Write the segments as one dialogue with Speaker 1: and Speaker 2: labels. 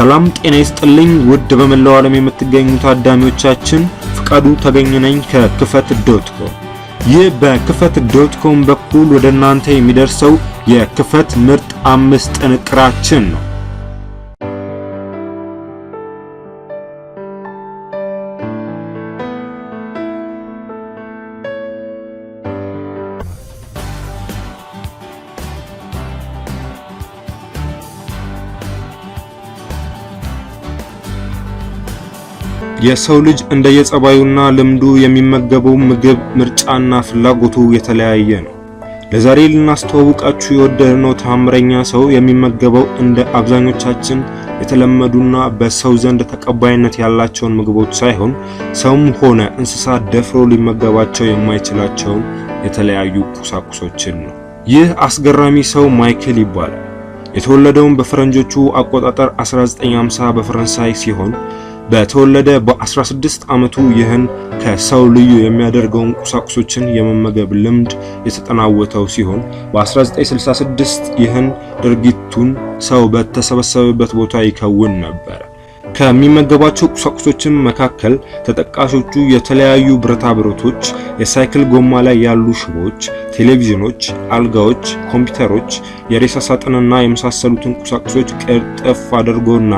Speaker 1: ሰላም ጤና ይስጥልኝ ውድ በመላው ዓለም የምትገኙ ታዳሚዎቻችን፣ ፍቃዱ ተገኘ ነኝ ከክፈት ዶት ኮም። ይህ በክፈት ዶት ኮም በኩል ወደ እናንተ የሚደርሰው የክፈት ምርጥ አምስት ጥንቅራችን ነው። የሰው ልጅ እንደ የጸባዩና ልምዱ የሚመገበው ምግብ ምርጫና ፍላጎቱ የተለያየ ነው። ለዛሬ ልናስተዋውቃችሁ የወደድነው ተአምረኛ ሰው የሚመገበው እንደ አብዛኞቻችን የተለመዱና በሰው ዘንድ ተቀባይነት ያላቸውን ምግቦች ሳይሆን ሰውም ሆነ እንስሳ ደፍሮ ሊመገባቸው የማይችላቸውን የተለያዩ ቁሳቁሶችን ነው። ይህ አስገራሚ ሰው ማይክል ይባላል። የተወለደውም በፈረንጆቹ አቆጣጠር 1950 በፈረንሳይ ሲሆን በተወለደ በ16 ዓመቱ ይህን ከሰው ልዩ የሚያደርገውን ቁሳቁሶችን የመመገብ ልምድ የተጠናወተው ሲሆን በ1966 ይህን ድርጊቱን ሰው በተሰበሰበበት ቦታ ይከውን ነበር። ከሚመገቧቸው ቁሳቁሶችም መካከል ተጠቃሾቹ የተለያዩ ብረታ ብረቶች፣ የሳይክል ጎማ ላይ ያሉ ሽቦዎች፣ ቴሌቪዥኖች፣ አልጋዎች፣ ኮምፒውተሮች፣ የሬሳ ሳጥንና የመሳሰሉትን ቁሳቁሶች ቅርጥፍ አድርጎና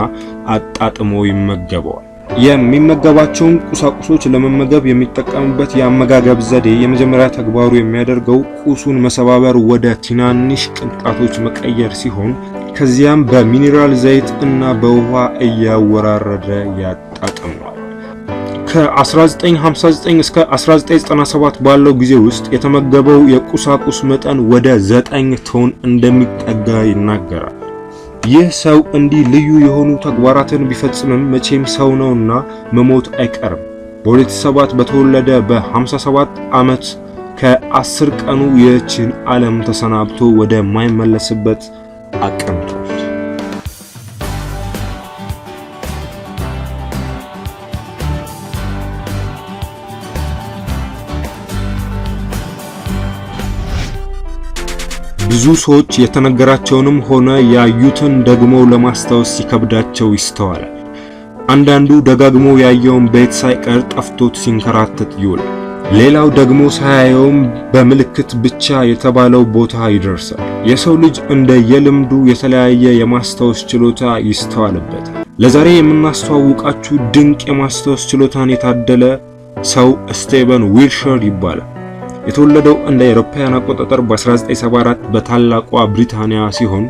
Speaker 1: አጣጥሞ ይመገበዋል። የሚመገባቸውን ቁሳቁሶች ለመመገብ የሚጠቀምበት የአመጋገብ ዘዴ የመጀመሪያ ተግባሩ የሚያደርገው ቁሱን መሰባበር ወደ ትናንሽ ቅንጣቶች መቀየር ሲሆን ከዚያም በሚኒራል ዘይት እና በውሃ እያወራረደ ያጣጥመዋል። ከ1959 እስከ 1997 ባለው ጊዜ ውስጥ የተመገበው የቁሳቁስ መጠን ወደ 9 ቶን እንደሚጠጋ ይናገራል። ይህ ሰው እንዲህ ልዩ የሆኑ ተግባራትን ቢፈጽምም መቼም ሰው ነውና መሞት አይቀርም። በ2007 በተወለደ በ57 ዓመት ከ10 ቀኑ ይህችን ዓለም ተሰናብቶ ወደ ማይመለስበት ብዙ ሰዎች የተነገራቸውንም ሆነ ያዩትን ደግሞ ለማስታወስ ሲከብዳቸው ይስተዋላል። አንዳንዱ ደጋግሞ ያየውን ቤት ሳይቀር ጠፍቶት ሲንከራተት ይውላል። ሌላው ደግሞ ሳያየውም በምልክት ብቻ የተባለው ቦታ ይደርሳል። የሰው ልጅ እንደ የልምዱ የተለያየ የማስታወስ ችሎታ ይስተዋልበታል። ለዛሬ የምናስተዋውቃችሁ ድንቅ የማስታወስ ችሎታን የታደለ ሰው ስቴቨን ዊልሸር ይባላል። የተወለደው እንደ አውሮፓውያን አቆጣጠር በ1974 በታላቋ ብሪታንያ ሲሆን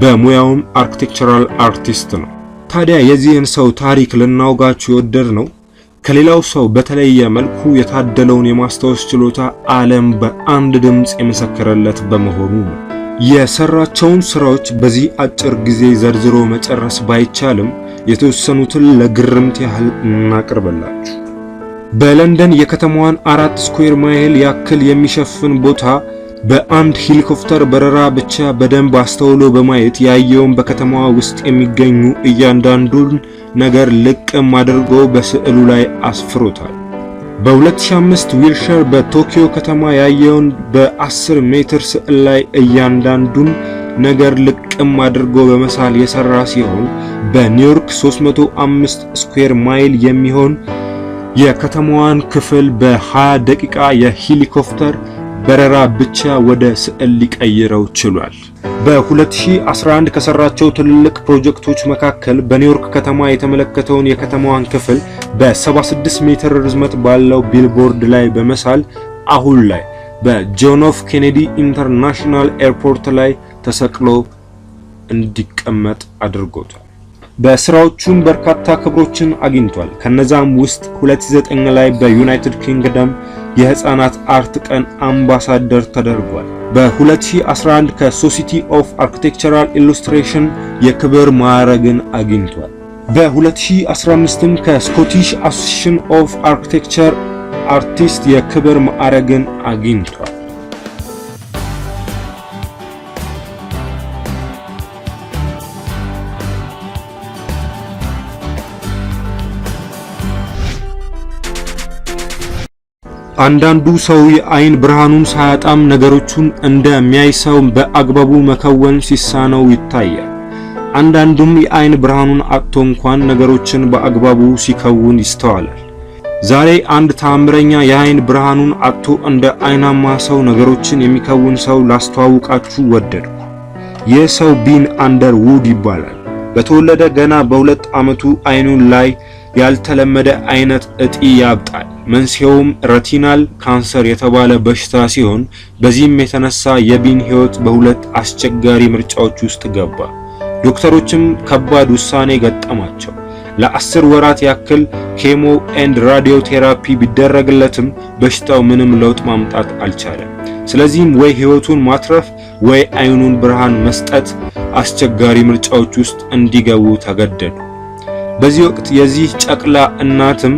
Speaker 1: በሙያውም አርክቴክቸራል አርቲስት ነው። ታዲያ የዚህን ሰው ታሪክ ልናውጋችሁ የወደድ ነው ከሌላው ሰው በተለየ መልኩ የታደለውን የማስታወስ ችሎታ ዓለም በአንድ ድምፅ የመሰከረለት በመሆኑ ነው። የሰራቸውን ስራዎች በዚህ አጭር ጊዜ ዘርዝሮ መጨረስ ባይቻልም የተወሰኑትን ለግርምት ያህል እናቅርበላችሁ። በለንደን የከተማዋን አራት ስኩዌር ማይል ያክል የሚሸፍን ቦታ በአንድ ሄሊኮፕተር በረራ ብቻ በደንብ አስተውሎ በማየት ያየውን በከተማዋ ውስጥ የሚገኙ እያንዳንዱን ነገር ልቅም አድርጎ በስዕሉ ላይ አስፍሮታል። በ2005 ዊልሸር በቶኪዮ ከተማ ያየውን በ10 ሜትር ስዕል ላይ እያንዳንዱን ነገር ልቅም አድርጎ በመሳል የሰራ ሲሆን በኒውዮርክ 305 ስኩዌር ማይል የሚሆን የከተማዋን ክፍል በ20 ደቂቃ የሄሊኮፕተር በረራ ብቻ ወደ ስዕል ሊቀይረው ችሏል። በ2011 ከሰራቸው ትልልቅ ፕሮጀክቶች መካከል በኒውዮርክ ከተማ የተመለከተውን የከተማዋን ክፍል በ76 ሜትር ርዝመት ባለው ቢልቦርድ ላይ በመሳል አሁን ላይ በጆን ኤፍ ኬኔዲ ኢንተርናሽናል ኤርፖርት ላይ ተሰቅሎ እንዲቀመጥ አድርጎታል። በስራዎቹም በርካታ ክብሮችን አግኝቷል። ከነዛም ውስጥ 2009 ላይ በዩናይትድ ኪንግደም የህፃናት አርት ቀን አምባሳደር ተደርጓል። በ2011 ከሶሲቲ ኦፍ አርክቴክቸራል ኢሉስትሬሽን የክብር ማዕረግን አግኝቷል። በ2015ም ከስኮቲሽ አሶሲሽን ኦፍ አርክቴክቸር አርቲስት የክብር ማዕረግን አግኝቷል። አንዳንዱ ሰው የአይን ብርሃኑን ሳያጣም ነገሮቹን እንደሚያይ ሰው በአግባቡ መከወን ሲሳነው ይታያል። አንዳንዱም የአይን ብርሃኑን አጥቶ እንኳን ነገሮችን በአግባቡ ሲከውን ይስተዋላል። ዛሬ አንድ ታምረኛ የአይን ብርሃኑን አጥቶ እንደ አይናማ ሰው ነገሮችን የሚከውን ሰው ላስተዋውቃችሁ ወደድኩ። ይህ ሰው ቢን አንደር ውድ ይባላል። በተወለደ ገና በሁለት ዓመቱ አይኑን ላይ ያልተለመደ አይነት እጢ ያብጣል። መንስኤውም ረቲናል ካንሰር የተባለ በሽታ ሲሆን በዚህም የተነሳ የቢን ህይወት በሁለት አስቸጋሪ ምርጫዎች ውስጥ ገባ። ዶክተሮችም ከባድ ውሳኔ ገጠማቸው። ለአስር ወራት ያክል ኬሞ ኤንድ ራዲዮ ቴራፒ ቢደረግለትም በሽታው ምንም ለውጥ ማምጣት አልቻለም። ስለዚህም ወይ ህይወቱን ማትረፍ ወይ አይኑን ብርሃን መስጠት አስቸጋሪ ምርጫዎች ውስጥ እንዲገቡ ተገደዱ። በዚህ ወቅት የዚህ ጨቅላ እናትም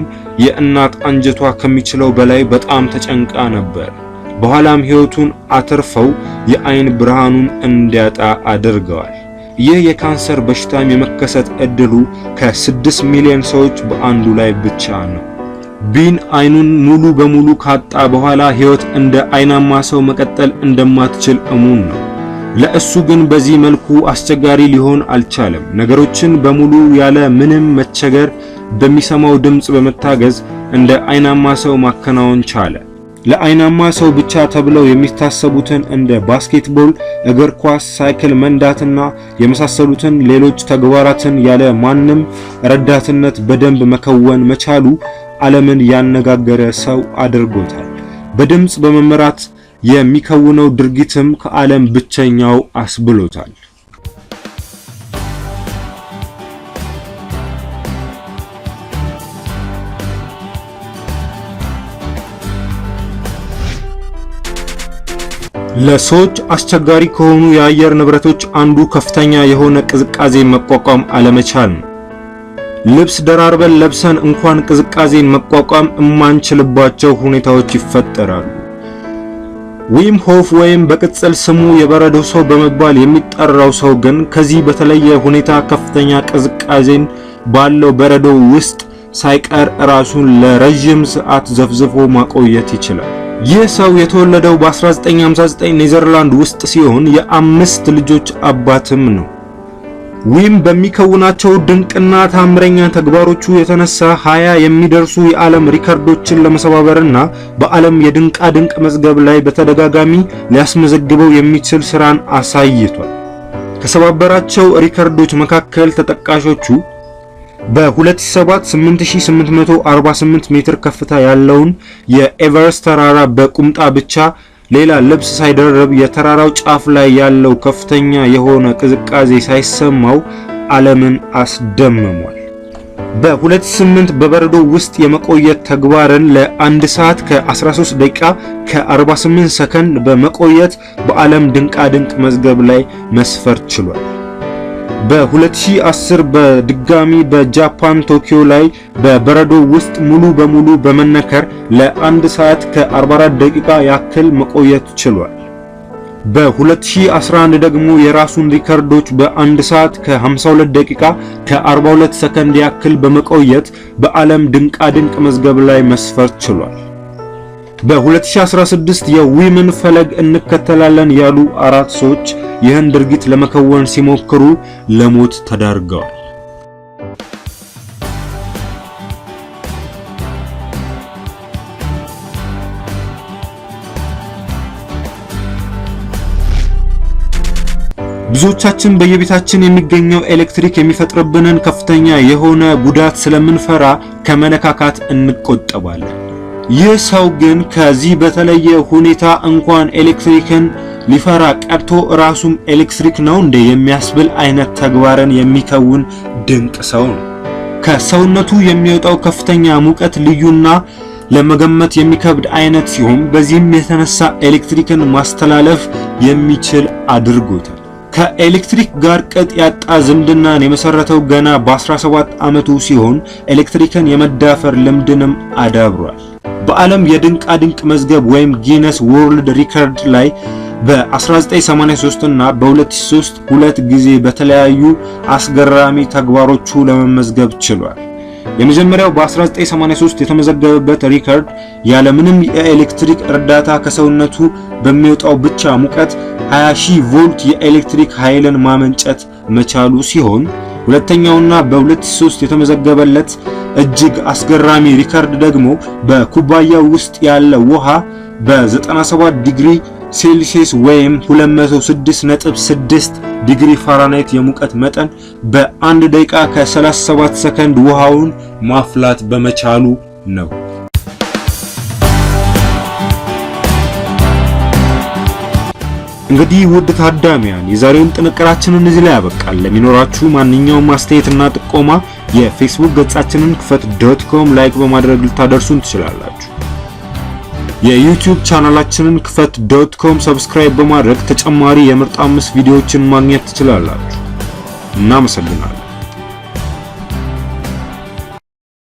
Speaker 1: የእናት አንጀቷ ከሚችለው በላይ በጣም ተጨንቃ ነበር። በኋላም ሕይወቱን አተርፈው የአይን ብርሃኑን እንዲያጣ አድርገዋል። ይህ የካንሰር በሽታም የመከሰት ከ ከስድስት ሚሊዮን ሰዎች በአንዱ ላይ ብቻ ነው። ቢን አይኑን ሙሉ በሙሉ ካጣ በኋላ ሕይወት እንደ አይናማ ሰው መቀጠል እንደማትችል እሙን ነው። ለእሱ ግን በዚህ መልኩ አስቸጋሪ ሊሆን አልቻለም። ነገሮችን በሙሉ ያለ ምንም መቸገር በሚሰማው ድምፅ በመታገዝ እንደ አይናማ ሰው ማከናወን ቻለ። ለአይናማ ሰው ብቻ ተብለው የሚታሰቡትን እንደ ባስኬትቦል፣ እግር ኳስ፣ ሳይክል መንዳትና የመሳሰሉትን ሌሎች ተግባራትን ያለ ማንም ረዳትነት በደንብ መከወን መቻሉ ዓለምን ያነጋገረ ሰው አድርጎታል። በድምፅ በመመራት የሚከውነው ድርጊትም ከዓለም ብቸኛው አስብሎታል። ለሰዎች አስቸጋሪ ከሆኑ የአየር ንብረቶች አንዱ ከፍተኛ የሆነ ቅዝቃዜ መቋቋም አለመቻል ልብስ ደራርበን ለብሰን እንኳን ቅዝቃዜን መቋቋም እማንችልባቸው ሁኔታዎች ይፈጠራሉ። ዊም ሆፍ ወይም በቅጽል ስሙ የበረዶ ሰው በመባል የሚጠራው ሰው ግን ከዚህ በተለየ ሁኔታ ከፍተኛ ቅዝቃዜን ባለው በረዶ ውስጥ ሳይቀር ራሱን ለረዥም ሰዓት ዘፍዝፎ ማቆየት ይችላል። ይህ ሰው የተወለደው በ1959 ኔዘርላንድ ውስጥ ሲሆን የአምስት ልጆች አባትም ነው። ዊም በሚከውናቸው ድንቅና ታምረኛ ተግባሮቹ የተነሳ 20 የሚደርሱ የዓለም ሪከርዶችን ለመሰባበርና በዓለም የድንቃ ድንቅ መዝገብ ላይ በተደጋጋሚ ሊያስመዘግበው የሚችል ስራን አሳይቷል። ከሰባበራቸው ሪከርዶች መካከል ተጠቃሾቹ በ2007 8848 ሜትር ከፍታ ያለውን የኤቨረስት ተራራ በቁምጣ ብቻ ሌላ ልብስ ሳይደረብ የተራራው ጫፍ ላይ ያለው ከፍተኛ የሆነ ቅዝቃዜ ሳይሰማው ዓለምን አስደምሟል። በ2008 በበረዶ ውስጥ የመቆየት ተግባርን ለ1 ሰዓት ከ13 ደቂቃ ከ48 ሰከንድ በመቆየት በዓለም ድንቃድንቅ መዝገብ ላይ መስፈር ችሏል። በ2010 በድጋሚ በጃፓን ቶኪዮ ላይ በበረዶ ውስጥ ሙሉ በሙሉ በመነከር ለአንድ ሰዓት ከ44 ደቂቃ ያክል መቆየት ችሏል። በ2011 ደግሞ የራሱን ሪከርዶች በ1 ሰዓት ከ52 ደቂቃ ከ42 ሰከንድ ያክል በመቆየት በዓለም ድንቃድንቅ መዝገብ ላይ መስፈር ችሏል። በ2016 የዊምን ፈለግ እንከተላለን ያሉ አራት ሰዎች ይህን ድርጊት ለመከወን ሲሞክሩ ለሞት ተዳርገዋል። ብዙዎቻችን በየቤታችን የሚገኘው ኤሌክትሪክ የሚፈጥርብንን ከፍተኛ የሆነ ጉዳት ስለምንፈራ ከመነካካት እንቆጠባለን። ይህ ሰው ግን ከዚህ በተለየ ሁኔታ እንኳን ኤሌክትሪክን ሊፈራ ቀርቶ ራሱም ኤሌክትሪክ ነው እንደ የሚያስብል አይነት ተግባርን የሚከውን ድንቅ ሰው ነው። ከሰውነቱ የሚወጣው ከፍተኛ ሙቀት ልዩና ለመገመት የሚከብድ አይነት ሲሆን በዚህም የተነሳ ኤሌክትሪክን ማስተላለፍ የሚችል አድርጎታል። ከኤሌክትሪክ ጋር ቅጥ ያጣ ዝምድናን የመሰረተው ገና በ17 ዓመቱ ሲሆን ኤሌክትሪክን የመዳፈር ልምድንም አዳብሯል። በዓለም የድንቃ ድንቅ መዝገብ ወይም ጊነስ ወርልድ ሪከርድ ላይ በ1983 እና በ2003 ሁለት ጊዜ በተለያዩ አስገራሚ ተግባሮቹ ለመመዝገብ ችሏል። የመጀመሪያው በ1983 የተመዘገበበት ሪከርድ ያለ ምንም የኤሌክትሪክ እርዳታ ከሰውነቱ በሚወጣው ብቻ ሙቀት 20 ሺህ ቮልት የኤሌክትሪክ ኃይልን ማመንጨት መቻሉ ሲሆን ሁለተኛውና በ2003 የተመዘገበለት እጅግ አስገራሚ ሪከርድ ደግሞ በኩባያው ውስጥ ያለ ውሃ በ97 ዲግሪ ሴልሲየስ ወይም 206.6 ዲግሪ ፋራናይት የሙቀት መጠን በአንድ ደቂቃ ከ37 ሰከንድ ውሃውን ማፍላት በመቻሉ ነው። እንግዲህ ውድ ታዳሚያን የዛሬውን ጥንቅራችንን እዚህ ላይ ያበቃል። ለሚኖራችሁ ማንኛውም አስተያየትና ጥቆማ የፌስቡክ ገጻችንን ክፈት ዶት ኮም ላይክ በማድረግ ልታደርሱን ትችላላችሁ። የዩቲዩብ ቻናላችንን ክፈት ዶት ኮም ሰብስክራይብ በማድረግ ተጨማሪ የምርጥ አምስት ቪዲዮዎችን ማግኘት ትችላላችሁ። እናመሰግናለን።